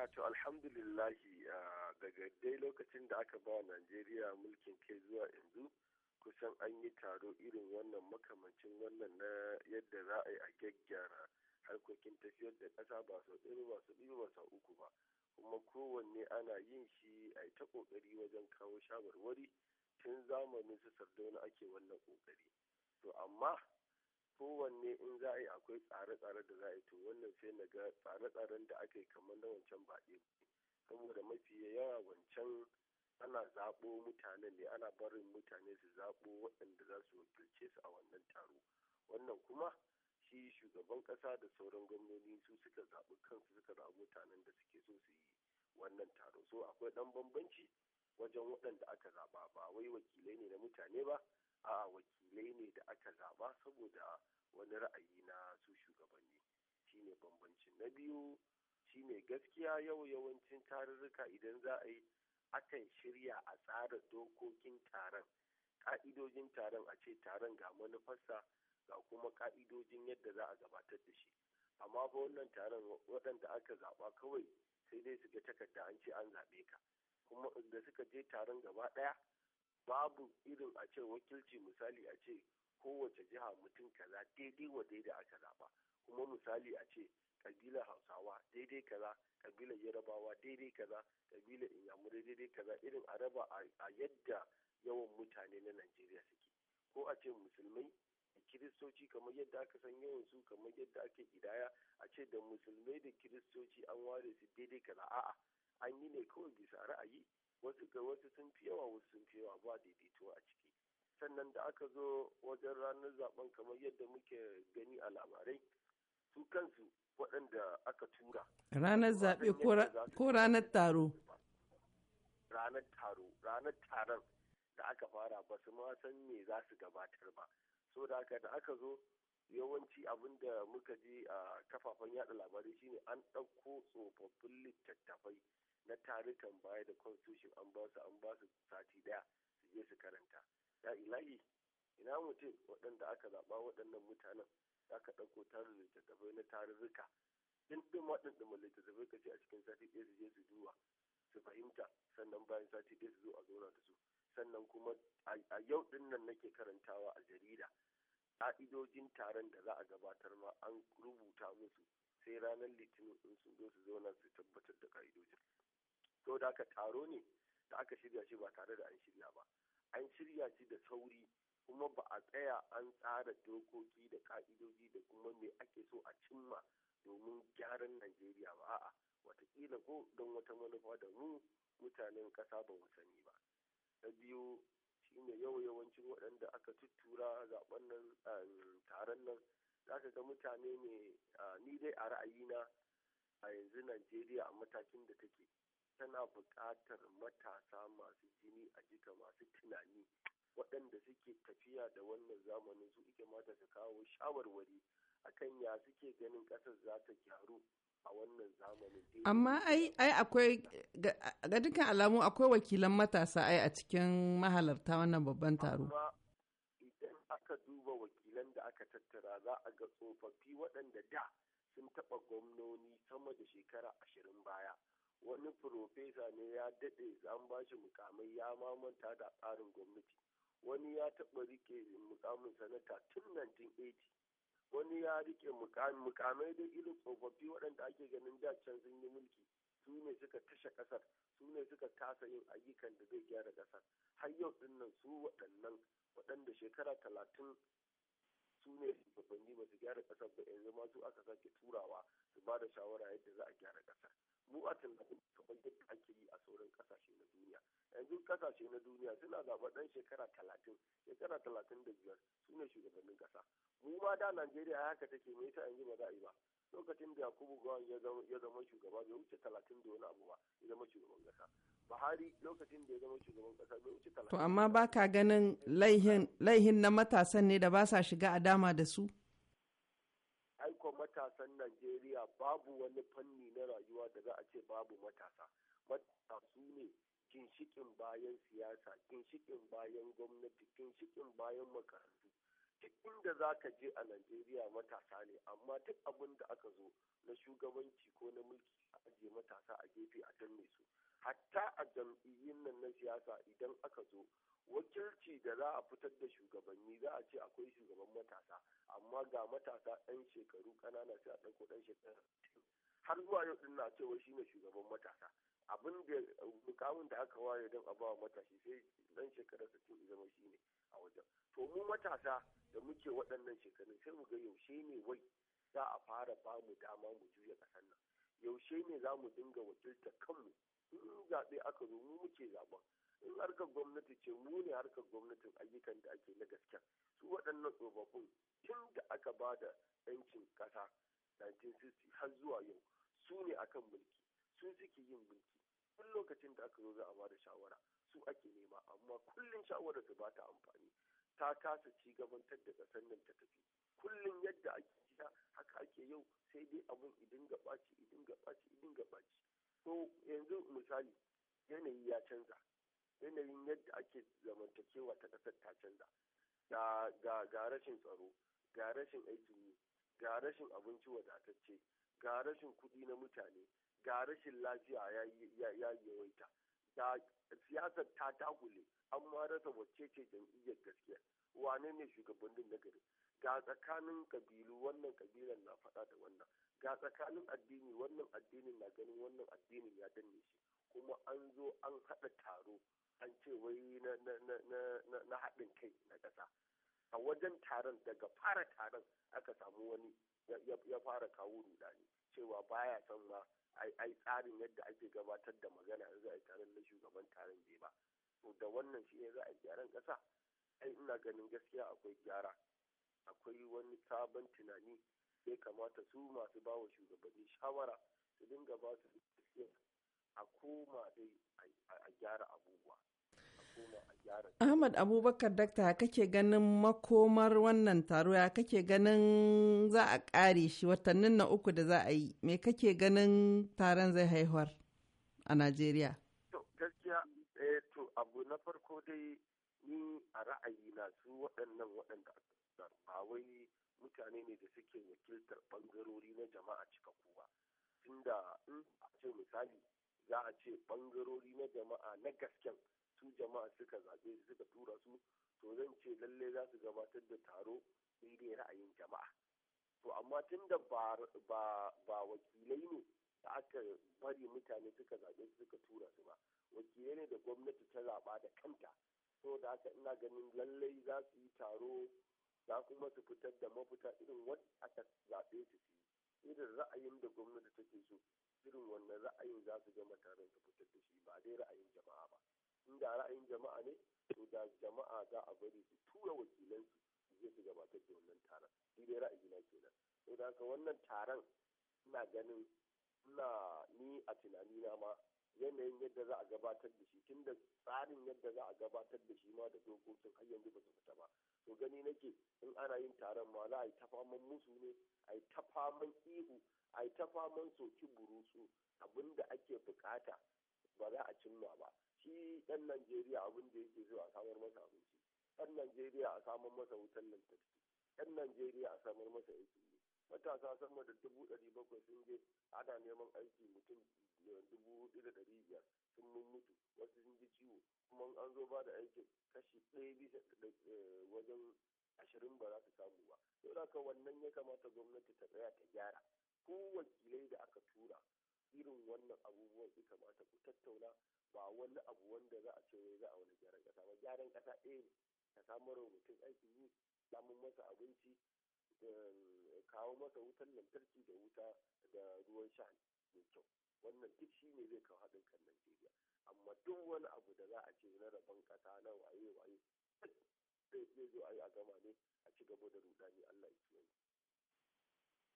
A to alhamdulillahi daga dai lokacin da aka ba Najeriya mulkin kai zuwa yanzu kusan an yi taro irin wannan makamancin wannan na yadda za a yi a gyaggyara harkokin tafiyar da ƙasa ba sau ɗaya ba sau biyu ba sau uku ba kuma kowanne ana yin shi a yi ta ƙoƙari wajen kawo shawarwari tun zamanin su sardauna ake wannan ƙoƙari to amma kowanne in za a yi akwai tsare-tsare da za a yi to wannan sai na ga tsare-tsaren da aka yi kamar na wancan ba saboda mafi yawa wancan ana zaɓo mutane ne ana barin mutane su zaɓo waɗanda za su wakilce su a wannan taro wannan kuma shi shugaban ƙasa da sauran gwamnoni su suka zaɓi kansu suka zaɓi mutanen da suke so su yi wannan taro so akwai ɗan bambanci wajen waɗanda aka zaɓa ba wai wakilai ne na mutane ba a wakilai ne da aka zaba saboda wani ra'ayi na su shugabanni shine bambanci na biyu shine gaskiya yau yawancin tarurruka idan za a yi akan shirya a tsara dokokin taron ka'idojin taron a ce taron ga manufarsa ga kuma ka'idojin yadda za a gabatar da shi amma fa wannan taron waɗanda aka zaɓa kawai sai dai su ga takarda an ce an zaɓe ka kuma da suka je taron gaba ɗaya babu irin a ce wakilci misali a ce kowace jiha mutum kaza daidai wa daidai aka zaba kuma misali a ce kabilar hausawa daidai kaza kabilar yarabawa daidai kaza kabilar inyamurai daidai kaza irin a raba a yadda yawan mutane na najeriya suke ko a ce musulmai da kiristoci kamar yadda aka san yawan su kamar yadda ake gidaya a ce da musulmai da kiristoci an ware su daidai kaza a'a an yi ne kawai bisa ra'ayi wasu ga wasu sun fi yawa wasu sun fi yawa ba daidaito a ciki sannan da aka zo wajen ranar zaben kamar yadda muke gani a labarai su kansu waɗanda aka tura ranar zaɓe ko ranar taro ranar taro ranar taron da aka fara ba su ma san me za su gabatar ba so da aka da aka zo yawanci abin da muka ji a kafafen yada labarai shine an ɗauko tsofaffin littattafai na tarukan baya da constitution an ba su an ba su sati daya su je su karanta ya ilahi ina mutum waɗanda aka zaɓa waɗannan mutanen za ka ɗauko tarin littattafai na tarurruka ɗin waɗanda littattafai ka ce a cikin sati ɗaya su je su duba su fahimta sannan bayan sati ɗaya su zo a zauna da su sannan kuma a yau ɗin nan nake karantawa a jarida ƙa'idojin taron da za a gabatar ma an rubuta musu sai ranar litinin in sun zo su zauna su tabbatar da ƙa'idojin to da aka taro ne da aka shirya shi ba tare da an shirya ba an shirya shi da sauri kuma ba a tsaya an tsara dokoki da ka'idoji da kuma me ake so a cimma domin gyaran najeriya ba a'a watakila ko don wata manufa da mu mutanen ƙasa ba mu sani ba na biyu shine yau yawancin waɗanda aka tuttura zaɓen nan um, taron nan za ka ga mutane ne uh, ni dai a ra'ayina a yanzu najeriya a matakin da take tana buƙatar matasa masu jini a jika masu tunani waɗanda suke tafiya da wannan zamanin su ike mata su kawo shawarwari akan ya suke ganin ƙasar za ta gyaru a wannan zamanin. Amma ai ai akwai ga dukkan alamu akwai wakilan matasa ai a cikin mahalarta wannan babban taro. idan aka duba wakilan da aka tattara za a ga tsofaffi waɗanda da sun taɓa gwamnoni sama da shekara ashirin baya wani profesa ne ya daɗe an ba shi mukamai ya mamanta da tsarin gwamnati wani ya taba rike mukamin sanata tun 1980 wani ya rike mukamai da irin tsofaffi waɗanda ake ganin da can sun yi mulki su ne suka kashe ƙasar su ne suka kasa yin ayyukan da zai gyara kasar har yau dinnan su waɗannan waɗanda shekara talatin su ne shugabanni ba su gyara kasar ba yanzu ma su aka sake turawa su ba da shawara yadda za a gyara ƙasar mu a tunanin kamar ake yi a sauran kasashe na duniya yanzu kasashe na duniya suna zaɓar ɗan shekara talatin shekara talatin da biyar su ne shugabannin ƙasa mu ma da najeriya haka take me yasa yanzu ba za a yi ba lokacin da yakubu gawan ya zama shugaba bai wuce talatin da wani abu ba ya zama shugaban ƙasa buhari lokacin da ya zama shugaban ƙasa bai wuce talatin to amma baka ganin laihin na matasan ne da ba sa shiga a dama da su matasan Najeriya babu wani fanni na rayuwa da za a ce babu matasa. Matasa ne ginshikin bayan siyasa, ginshikin bayan gwamnati, ginshikin bayan makarantu. Duk inda za ka je a Najeriya matasa ne, amma duk abin da aka zo na shugabanci ko na mulki a ajiye matasa a gefe a danne su. hatta a jam'iyyun nan na siyasa idan aka zo wakilci da za a fitar da shugabanni za a ce akwai shugaban matasa amma ga matasa ɗan shekaru ƙanana sai a ɗauko ɗan shekaru har zuwa yau ɗin na cewa shi ne shugaban matasa abin da mukamin da aka waye don a bawa matashi sai ɗan shekara sittin zama shi ne a wajen to mu matasa da muke waɗannan shekarun sai mu ga yaushe ne wai za a fara ba mu dama mu juya ƙasar nan yaushe ne za mu dinga wakiltar kanmu in zaɓe aka zo mu muke zaɓen in harkar gwamnati ce mu ne harkar gwamnatin ayyukan da ake na gaskiya su waɗannan tsofaffin tun da aka ba da yancin ƙasa 1960 har zuwa yau su ne akan mulki su suke yin mulki tun lokacin da aka zo za a ba da shawara su ake nema amma kullum shawarar su ba ta amfani ta kasa ci gabantar da ƙasar nan ta tafi kullum yadda ake jiya haka ake yau sai dai abun idin ga ɓaci idin ga ɓaci idin ga ɓaci so yanzu misali yanayi ya canza yanayin yadda ake zamantakewa ta ƙasar ta canza ga rashin tsaro ga rashin aikin yi ga rashin abinci wadatacce ga rashin kuɗi na mutane ga rashin lafiya ya yawaita da siyasar ta takule an ma rasa wacce ce jam'iyyar gaskiya wane ne shugabannin nagari. ga tsakanin kabilu wannan kabilan na faɗa da wannan ga tsakanin addini wannan addinin na ganin wannan addinin ya danne shi kuma an zo an haɗa taro an ce wai na, haɗin kai na ƙasa a wajen taron daga fara taron aka samu wani ya, fara kawo rudani cewa baya son ma ai tsarin yadda ake gabatar da magana in za a yi taron na shugaban taron bai ba to da wannan shi ne za a gyaran ƙasa ai ina ganin gaskiya akwai gyara akwai wani sabon tunani ya kamata su masu bawa shugabanni shawara su dinga ba su a koma dai a gyara abubuwa. Ahmad Abubakar Dakta kake ganin makomar wannan taro ya kake ganin za a ƙare shi watannin na uku da za a yi me kake ganin taron zai haihuwar a Najeriya? Gaskiya eh, to abu na farko dai ni a ra'ayi na su waɗannan waɗanda majalisar ba wai mutane ne da suke wakiltar bangarori na jama'a cika ba tunda in a ce misali za a ce bangarori na jama'a na gasken su jama'a suka zaɓe su suka tura su to zan ce lalle za su gabatar da taro daidai ra'ayin jama'a to amma tunda ba wakilai ne da aka bari mutane suka zaɓe su suka tura su ba wakilai ne da gwamnati ta zaɓa da kanta da haka ina ganin lallai za su yi taro za kuma su fitar da mafita irin wani aka zaɓe su su irin ra'ayin da gwamnati take so irin wannan ra'ayin za su gama taron su fitar da shi ba dai ra'ayin jama'a ba in da ra'ayin jama'a ne to da jama'a za a bari su tura wakilansu su je su gabatar da wannan taron shi dai ra'ayi na kenan to da haka wannan taron ina ganin ina ni a na ma yanayin yadda za a gabatar da shi tunda tsarin yadda za a gabatar da shi ma da dokokin har yanzu ba su fita ba to gani nake in ana yin taron ma za a yi ta musu ne a yi ta ihu a yi ta soki burusu abin da ake bukata ba za a cimma ba shi ɗan najeriya abin da yake zuwa a samar masa abinci ɗan najeriya a samar masa wutan lantarki ɗan najeriya a samar masa aiki matasa sama da dubu ɗari bakwai sun je ana neman aiki mutum dubu hudu da dari biyar sun mutu wasu sun ji ciwo kuma an zo ba da aikin kashi ɗaya bisa eh, wajen ashirin ba za ta samu ba yau haka wannan ya kamata gwamnati ta tsaya ta gyara ko wakilai da aka tura irin wannan abubuwan ya kamata ku tattauna ba wani abu wanda za a ce wai za a wani gyaran kasa ba gyaran kasa ɗaya ne ka samar wa mutum aikin yi samun masa abinci eh, kawo masa wutan lantarki da wuta da ruwan sha mai kyau wannan duk shi ne zai kawo haɗin kan najeriya amma duk wani abu da za a ce na rabon kasa na waye waye zai zo a yi a gama ne a ci gaba da ruɗani allah ya kiyaye